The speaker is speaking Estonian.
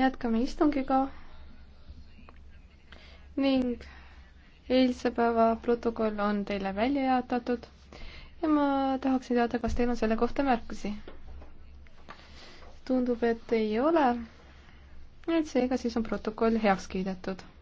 jätkame istungiga ning eilse päeva protokoll on teile välja jaotatud ja ma tahaksin teada, kas teil on selle kohta märkusi. tundub, et ei ole. et seega siis on protokoll heaks kiidetud